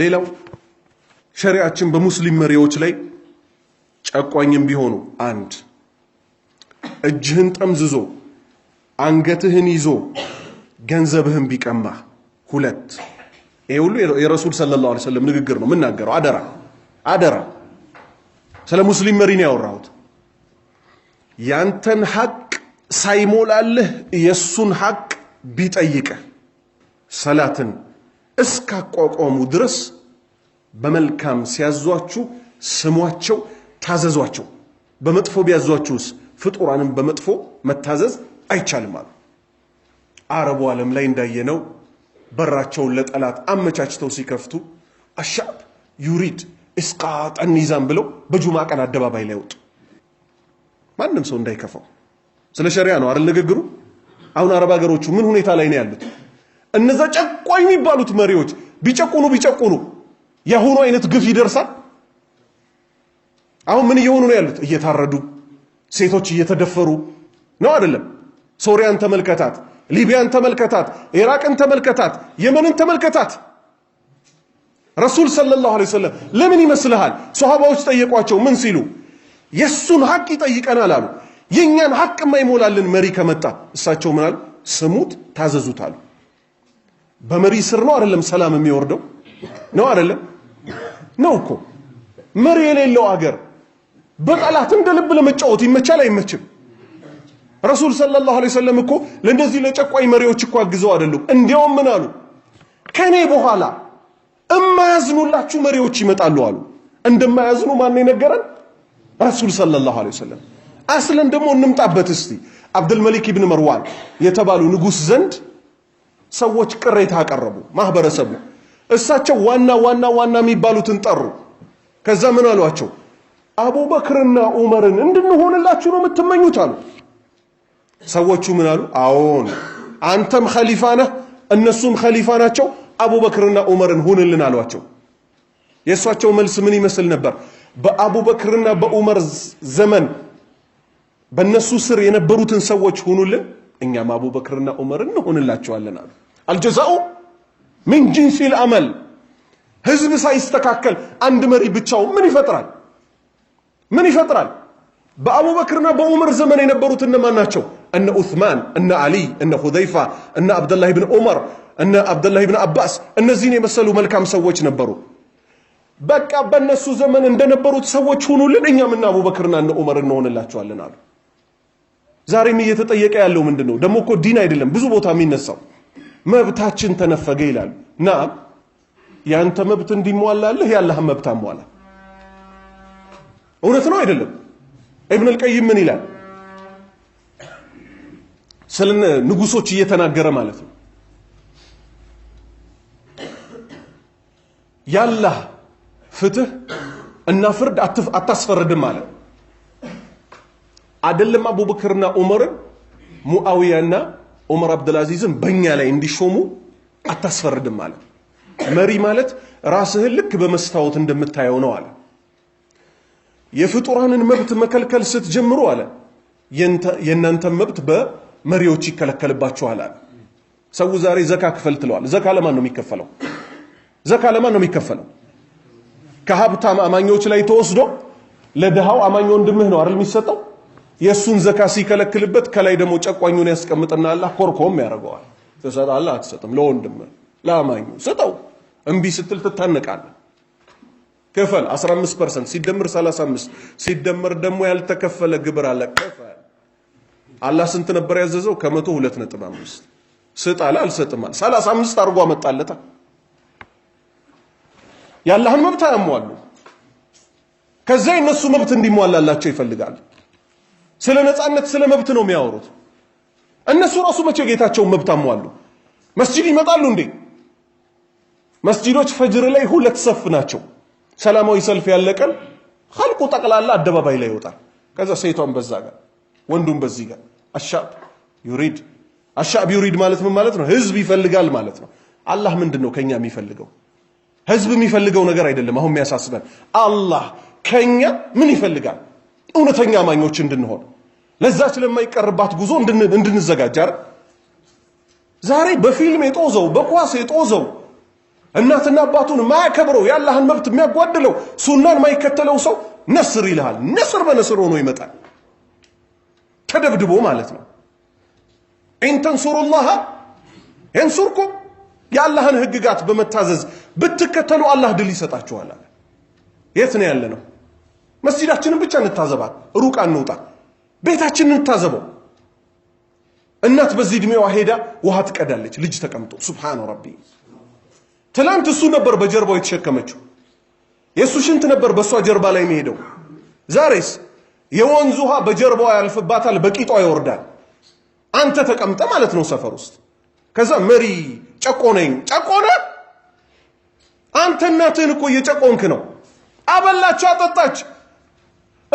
ሌላው ሸሪያችን በሙስሊም መሪዎች ላይ ጨቋኝም ቢሆኑ አንድ እጅህን ጠምዝዞ አንገትህን ይዞ ገንዘብህን ቢቀማ ሁለት ይሄ ሁሉ የረሱል ሰለላሁ ዐለይሂ ወሰለም ንግግር ነው የምናገረው አደራ አደራ ስለ ሙስሊም መሪ ነው ያወራሁት ያንተን ሐቅ ሳይሞላልህ የሱን ሐቅ ቢጠይቅህ ሰላትን እስካቋቋሙ ድረስ በመልካም ሲያዟችሁ ስሟቸው፣ ታዘዟቸው። በመጥፎ ቢያዟችሁስ? ፍጡራንም በመጥፎ መታዘዝ አይቻልም አሉ። አረቡ ዓለም ላይ እንዳየነው በራቸውን ለጠላት አመቻችተው ሲከፍቱ አሻብ ዩሪድ እስቃጠን ይዛም ብለው በጁማ ቀን አደባባይ ላይ ወጡ። ማንም ሰው እንዳይከፋው ስለ ሸሪያ ነው አይደል ንግግሩ። አሁን አረብ ሀገሮቹ ምን ሁኔታ ላይ ነው ያሉት? እነዛ ጨቋኝ የሚባሉት መሪዎች ቢጨቁኑ ቢጨቁኑ የአሁኑ አይነት ግፍ ይደርሳል። አሁን ምን እየሆኑ ነው ያሉት? እየታረዱ ሴቶች እየተደፈሩ ነው አይደለም? ሶሪያን ተመልከታት፣ ሊቢያን ተመልከታት፣ ኢራቅን ተመልከታት፣ የመንን ተመልከታት። ረሱል ሰለላሁ ዐለይሂ ወሰለም ለምን ይመስልሃል? ሶሃባዎች ጠየቋቸው። ምን ሲሉ የሱን ሐቅ ይጠይቀናል አሉ። የኛን ሐቅ የማይሞላልን መሪ ከመጣ እሳቸው ምን አሉ? ስሙት፣ ታዘዙት አሉ። በመሪ ስር ነው አይደለም ሰላም የሚወርደው ነው አይደለም ነው እኮ መሪ የሌለው አገር በጠላት እንደ ልብ ለመጫወት ይመቻል አይመችም ረሱል ሰለላሁ ዐለይሂ ወሰለም እኮ ለእንደዚህ ለጨቋኝ መሪዎች እኮ አግዘው አይደሉም እንዲያውም ምን አሉ ከኔ በኋላ እማያዝኑላችሁ መሪዎች ይመጣሉ አሉ እንደማያዝኑ ማን የነገረን ረሱል ሰለላሁ ዐለይሂ ወሰለም አስለን ደግሞ እንምጣበት እስቲ አብዱል መሊክ ኢብን መርዋን የተባሉ ንጉስ ዘንድ ሰዎች ቅሬታ አቀረቡ። ማህበረሰቡ እሳቸው ዋና ዋና ዋና የሚባሉትን ጠሩ። ከዛ ምን አሏቸው? አቡበክርና ዑመርን እንድንሆንላችሁ ነው የምትመኙት አሉ። ሰዎቹ ምን አሉ? አዎን አንተም ኸሊፋ ነህ፣ እነሱም ኸሊፋ ናቸው። አቡበክርና ዑመርን ሁንልን አሏቸው። የእሷቸው መልስ ምን ይመስል ነበር? በአቡበክርና በዑመር ዘመን በእነሱ ስር የነበሩትን ሰዎች ሁኑልን፣ እኛም አቡበክርና ዑመርን እንሆንላቸዋለን አሉ። አልጀዛኡ ሚን ጂንሲል አመል። ህዝብ ሳይስተካከል አንድ መሪ ብቻው ምን ይፈጥራል? ምን ይፈጥራል? በአቡበክርና በዑመር ዘመን የነበሩት እነማን ናቸው? እነ ዑስማን፣ እነ አሊ፣ እነ ሁዘይፋ፣ እነ አብደላህ ብን ዑመር፣ እነ አብደላህ ብን አባስ እነዚህን የመሰሉ መልካም ሰዎች ነበሩ። በቃ በእነሱ ዘመን እንደነበሩት ሰዎች ሁኑልን፣ እኛም እነ አቡበክርና እነ ዑመር እንሆንላቸዋለን አሉ። ዛሬም እየተጠየቀ ያለው ምንድን ነው? ደግሞ እኮ ዲን አይደለም ብዙ ቦታ የሚነሳው መብታችን ተነፈገ ይላል። ና ያንተ መብት እንዲሟላልህ የአላህን መብት አሟላ። እውነት ነው አይደለም? ኢብን አልቀይም ምን ይላል? ስለ ንጉሶች እየተናገረ ማለት ነው። ያላህ ፍትህ እና ፍርድ አታስፈርድም ማለት አይደለም። አቡበክርና ዑመርን ሙአዊያና ዑመር አብዱልአዚዝም በእኛ ላይ እንዲሾሙ አታስፈርድም አለ። መሪ ማለት ራስህን ልክ በመስታወት እንደምታየው ነው አለ። የፍጡራንን መብት መከልከል ስትጀምሩ አለ የእናንተን መብት በመሪዎች ይከለከልባችኋል አለ። ሰው ዛሬ ዘካ ክፈል ትለዋል። ዘካ ለማን ነው የሚከፈለው? ዘካ ለማን ነው የሚከፈለው? ከሀብታም አማኞች ላይ ተወስዶ ለድሃው አማኝ ወንድምህ ነው አይደል የሚሰጠው? የእሱን ዘካ ሲከለክልበት ከላይ ደግሞ ጨቋኙን ያስቀምጥና አላህ ኮርኮም ያደርገዋል። ትሰጣለህ አትሰጥም? ለወንድም ለአማኙ ስጠው። እምቢ ስትል ትታነቃለህ። ክፈል 15 ፐርሰንት ሲደምር 35 ሲደምር ደግሞ ያልተከፈለ ግብር አለ። ክፈል። አላህ ስንት ነበር ያዘዘው? ከመቶ ሁለት ነጥብ አምስት 35 አድርጎ አመጣለታ። የአላህን መብት አያሟሉ። ከዚያ የነሱ መብት እንዲሟላላቸው ይፈልጋሉ። ስለ ነጻነት ስለ መብት ነው የሚያወሩት። እነሱ ራሱ መቼ ጌታቸውን መብት አሟሉ? መስጂድ ይመጣሉ እንዴ? መስጂዶች ፈጅር ላይ ሁለት ሰፍ ናቸው። ሰላማዊ ሰልፍ ያለቀን ኸልቁ ጠቅላላ አደባባይ ላይ ይወጣል። ከዛ ሴቷን በዛ ጋር ወንዱም በዚህ ጋር አሻብ ዩሪድ አሻብ ዩሪድ ማለት ምን ማለት ነው? ህዝብ ይፈልጋል ማለት ነው። አላህ ምንድን ነው ከኛ የሚፈልገው? ህዝብ የሚፈልገው ነገር አይደለም። አሁን የሚያሳስበን አላህ ከኛ ምን ይፈልጋል? እውነተኛ አማኞች እንድንሆን ለዛች ለማይቀርባት ጉዞ እንድንዘጋጃር ዛሬ በፊልም የጦዘው በኳስ የጦዘው እናትና አባቱን ማያከብረው የአላህን መብት የሚያጓድለው ሱናን ማይከተለው ሰው ነስር ይልሃል። ነስር በነስር ሆኖ ይመጣል፣ ተደብድቦ ማለት ነው። ኢንተንሱሩላህ የንሱርኩም የአላህን ህግጋት በመታዘዝ ብትከተሉ አላህ ድል ይሰጣችኋል። የት ነው ያለ ነው? መስጂዳችንን ብቻ እንታዘባት፣ ሩቅ አንውጣ። ቤታችንን ታዘበው። እናት በዚህ እድሜዋ ሄዳ ውሃ ትቀዳለች፣ ልጅ ተቀምጦ። ሱብሃነ ረቢ። ትናንት እሱ ነበር በጀርባው የተሸከመችው፣ የእሱ ሽንት ነበር በእሷ ጀርባ ላይ የሚሄደው። ዛሬስ የወንዝ ውሃ በጀርባዋ ያልፍባታል፣ በቂጧ ይወርዳል። አንተ ተቀምጠ ማለት ነው ሰፈር ውስጥ። ከዛ መሪ ጨቆነኝ፣ ጨቆነ። አንተ እናትህን እኮ እየጨቆንክ ነው። አበላች፣ አጠጣች፣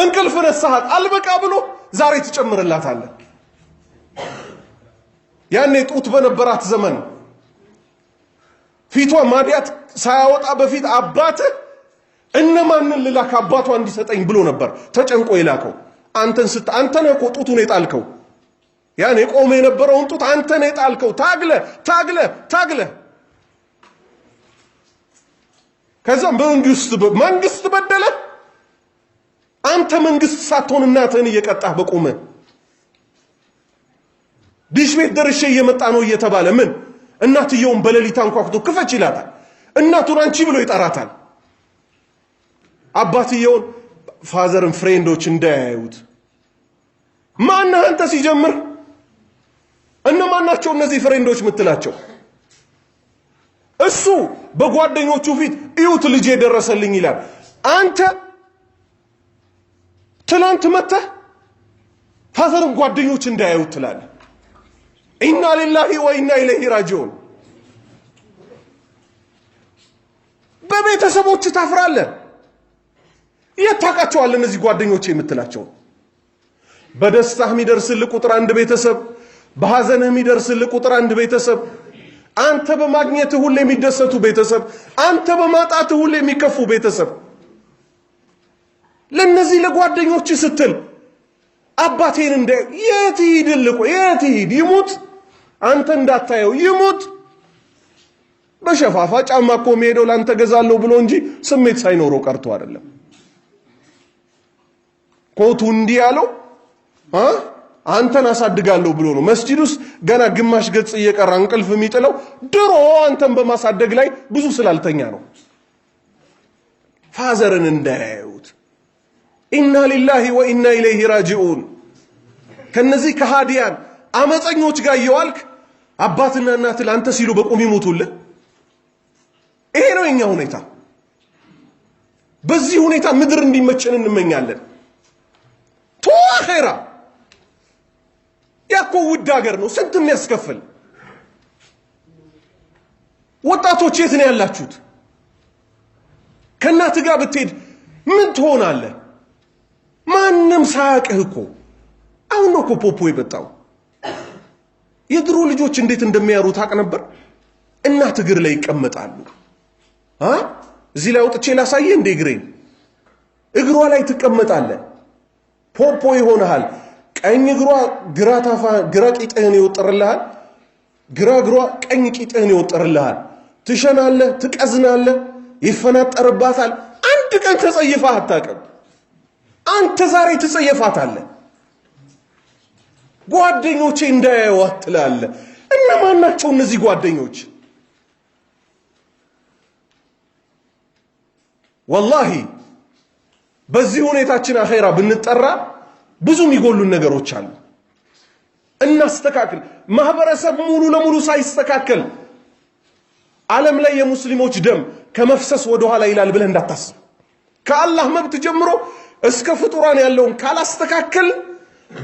እንቅልፍ ነሳሃት፣ አልበቃ ብሎ ዛሬ ትጨምርላታለህ። ያኔ ጡት በነበራት ዘመን ፊቷ ማዲያት ሳያወጣ በፊት አባትህ እነማንን ልላክ አባቷ እንዲሰጠኝ ብሎ ነበር ተጨንቆ የላከው። አንተን ስት አንተ አንተን እኮ ጡቱን የጣልከው ያኔ ቆመ የነበረውን ጡት አንተ አንተን የጣልከው። ታግለ ታግለ ታግለ ከዛም መንግስት በደለ አንተ መንግስት ሳትሆን እናትህን እየቀጣህ በቁመ ዲሽ ቤት ደርሼ እየመጣ ነው እየተባለ ምን እናትየውን በሌሊት አንኳኩቶ ክፈች ይላታል። እናቱን አንቺ ብሎ ይጠራታል። አባትየውን ፋዘርን ፍሬንዶች እንዳያዩት ማነህ አንተ ሲጀምር እነማን ናቸው እነዚህ ፍሬንዶች ምትላቸው? እሱ በጓደኞቹ ፊት እዩት ልጄ ደረሰልኝ ይላል። አንተ ትላንት መተህ ፋዘርን ጓደኞች እንዳያዩት ትላለህ። ኢና ሊላሂ ወኢና ኢለይሂ ራጂዑን። በቤተሰቦች ታፍራለህ። የት ታውቃቸዋለህ? እነዚህ ጓደኞች የምትላቸው በደስታህ የሚደርስልህ ቁጥር አንድ ቤተሰብ፣ በሐዘንህ የሚደርስልህ ቁጥር አንድ ቤተሰብ፣ አንተ በማግኘትህ ሁሌ የሚደሰቱ ቤተሰብ፣ አንተ በማጣትህ ሁሌ የሚከፉ ቤተሰብ ለነዚህ ለጓደኞች ስትል አባቴን እንደ የት ሂድ ልቆ የት ሂድ ይሙት፣ አንተ እንዳታየው ይሙት። በሸፋፋ ጫማ እኮ የሚሄደው ላንተ ገዛለሁ ብሎ እንጂ ስሜት ሳይኖረው ቀርቶ አይደለም። ኮቱ እንዲህ ያለው አንተን አሳድጋለሁ ብሎ ነው። መስጂድ ውስጥ ገና ግማሽ ገጽ እየቀራ እንቅልፍ የሚጥለው ድሮ አንተን በማሳደግ ላይ ብዙ ስላልተኛ ነው። ፋዘርን እንዳያዩ ኢና ሊላሂ ወኢና ኢለይሂ ራጂኡን። ከነዚህ ከሃዲያን አመፀኞች ጋር እየዋልክ አባትና እናት ለአንተ ሲሉ በቁም ይሞቱልህ። ይሄ ነው የኛ ሁኔታ። በዚህ ሁኔታ ምድር እንዲመቸን እንመኛለን። ቶ ቶዋኼራ ያኮ ውድ ሀገር ነው፣ ስንት የሚያስከፍል ወጣቶች የት ነው ያላችሁት? ከእናት ጋር ብትሄድ ምን ትሆናለህ? ማንም ሳያቅህ እኮ አሁን ነው እኮ ፖፖ የመጣው። የድሮ ልጆች እንዴት እንደሚያሩ አቅ ነበር? እናት እግር ላይ ይቀመጣሉ። እዚህ ላይ አውጥቼ ላሳየ እንደ እግሬን እግሯ ላይ ትቀመጣለ። ፖፖ ይሆንሃል። ቀኝ እግሯ ግራ ታፋ ግራ ቂጥህን ይወጥርልሃል። ግራ እግሯ ቀኝ ቂጥህን ይወጥርልሃል። ትሸናለህ፣ ትቀዝናለህ፣ ይፈናጠርባታል። አንድ ቀን ተጸይፋ አታውቅም። አንተ ዛሬ ትጸየፋታለህ። ጓደኞቼ እንዳያዩዋት ትላለህ። እነማን ናቸው እነዚህ ጓደኞች? ወላሂ በዚህ ሁኔታችን አኼራ ብንጠራ ብዙ የሚጎሉን ነገሮች አሉ። እናስተካክል። ማህበረሰብ ሙሉ ለሙሉ ሳይስተካከል ዓለም ላይ የሙስሊሞች ደም ከመፍሰስ ወደኋላ ይላል ብለህ እንዳታስብ። ከአላህ መብት ጀምሮ እስከ ፍጡራን ያለውን ካላስተካከል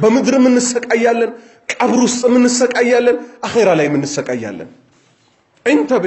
በምድር እንሰቃያለን፣ ቀብር ውስጥ እንሰቃያለን፣ አኼራ ላይ እንሰቃያለን። እንተቤ